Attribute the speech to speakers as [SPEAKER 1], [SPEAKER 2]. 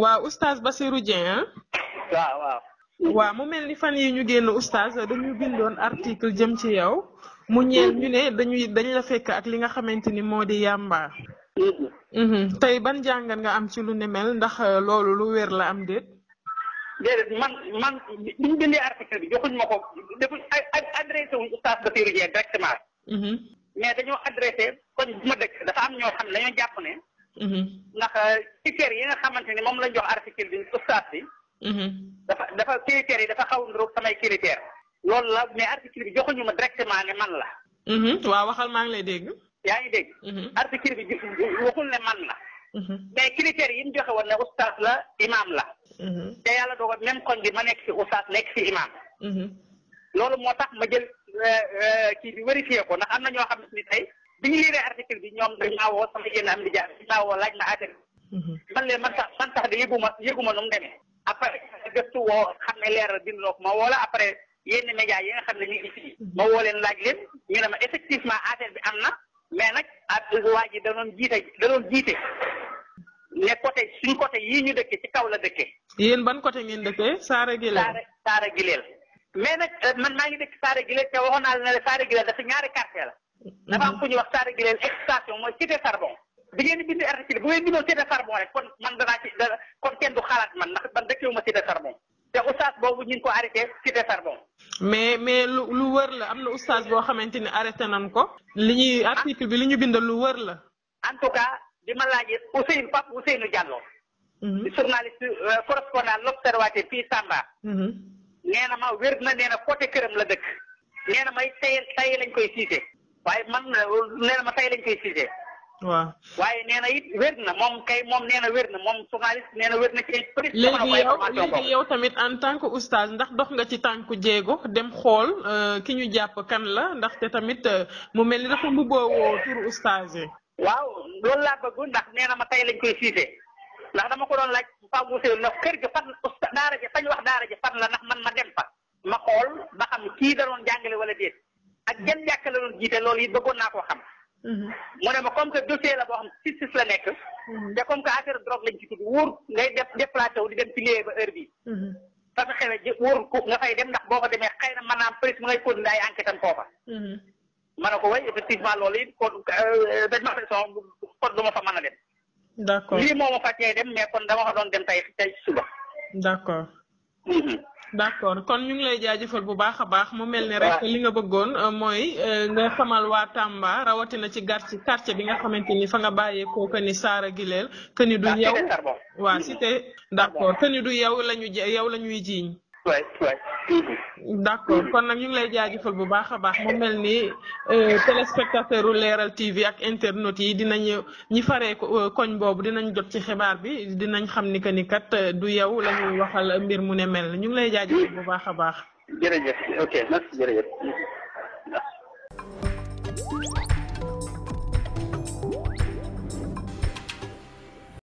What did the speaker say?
[SPEAKER 1] waaw oustaz Bassirou Dieng ah. waaw mu mel ni fan yi ñu génn oustaz dañu bindoon article jëm ci yow mu ñeel ñu ne dañuy dañ la fekk ak li nga xamante ni moo di yàmba. Mm-hmm. Mhm. tey ban jàngat nga am ci lu ne mel ndax euh, loolu lu wér la am déet. déedéet man man bi
[SPEAKER 2] bindee article bi joxuñ ma ko defuñ adressé wuñ oustaz Bassirou directement. Mhm. mais dañoo adressé koñ bu ma dëkk dafa am ñoo xam ne dañoo jàpp ne. Mhm. ndax euh, critères yi nga xamante ni moom lañ jox article bi ustaas bi. Mhm. dafa dafa critères yi dafa xaw niroog samay critères. loolu la mais article bi joxuñu ma directement ne man la. Mhm. waaw waxal maa ngi lay dégg. yaa ngi dégg. article bi waxul ne man la. mais critères yi mu joxe woon ne ustaas la imaam la. te yàlla dogal même koñ bi ma nekk fi ustaas nekk fi imaam. loolu moo tax ma jël. Euh, kii bi vérifié ko ndax am na ñoo xam ne tey bi ñu liiree article bi ñoom dañ maa woo sama yéen am di jaar dañ maa woo laaj ma affaire mhm. man leen man sax man sax de yëguma yëguma nu mu demee après gëstu woo xam ne leeral bind na ko ma woo la après yenn média yi xam ne ñu ngi mhm. ma woo leen laaj leen ñu ne ma effectivement affaire bi am na mais nag ak waa ji da doon jiite da jiite ne côté suñ côté yii ñu dëkkee ci kaw la dëkkee. yéen ban côté ngeen dëkkee Saara Gileel Saara Gileel. mais nag euh, man maa ngi dëkk Saare Gile te waxoon naa la ne la Saare Gile dafa ñaari quartier la. Mm-hmm. wax Saare Gile extension mooy cité Charbon. bi ngeen di bind article ngeen bindoo cité Charbon rek kon man ma cité Charbon. te oustaz ko arrêté cité
[SPEAKER 1] mais mais lu lu wër la am na oustaz boo xamante ni arrêté nañ ko.
[SPEAKER 2] li ñuy ah. article bi li ñu bind lu wër la. en tout cas bi ma laajee Ousseynou Pape Ousseynou Diallo. Mm-hmm. journaliste euh, correspondant l'Observateur fii Tamba. Mm-hmm. nee na ma wér na nee na côté këram la dëkk nee na may tey tey lañ koy siise waaye man nee na ma tey lañ koy siise waaw waaye nee na it wér na moom kay moom nee na wér na moom journaliste nee na wér na ci ay police léegi yow
[SPEAKER 1] yow tamit en tant que oustaz ndax dox nga ci tànku jéego dem xool euh, ki ñu jàpp kan la ndaxte tamit euh, mu mel ni dafa mbubboo woo tur oustaz yi
[SPEAKER 2] waaw loolu laa bëgg ndax nee ma tey lañ koy siise ndax dama ko doon laaj Pape Ousseynou na kër ga fan daara ja fañ wax daara ja fan la ndax man ma dem fa ma xool ba xam kii da doon jàngale wala déet ak jën jàkka la doon jiite loolu it bëggoon naa koo xam. Mhm. mu ne ma comme que dossier la boo xam sis sis la nekk. Mhm. te comme que affaire drogue lañ ci tudd wóor ngay def déplacé wu di dem pilier ba heure bi mhm. parce que xëy na ko nga fay dem ndax boo ko demee xëy na maanaam police mu ngay continuer ay enquête am foofa. ma ne ko way effectivement loolu it kon euh, euh, a d'accord lii moo ma fàttee dem mais kon dama ko doon dem tey tey suba. d'accord. Mhm. d'accord
[SPEAKER 1] kon ñu ngi lay jaajëfal bu baax a baax mu mel ni rek li nga bëggoon euh, mooy euh, nga xamal waa Tamba rawatina ci gar ci quartier bi nga xamante ni fa nga bàyyeekoo que ni Saara Gileel que ni du yow waa cité d'accord que du yow lañu yow la ñuy jiiñ waay waay. kon nag ñu ngi lay jaajëfal bu baax a baax mu mel ni euh, téléspectateur u Leral TV ak internautes yi dinañu ñi faree euh, koñ boobu dinañ jot ci xibaar bi dinañ xam ni que ni kat euh, du yow la ñuy waxal mbir mu ne mel ñu ngi lay jaajëfal bu baax a baax.
[SPEAKER 2] jërëjëf ok merci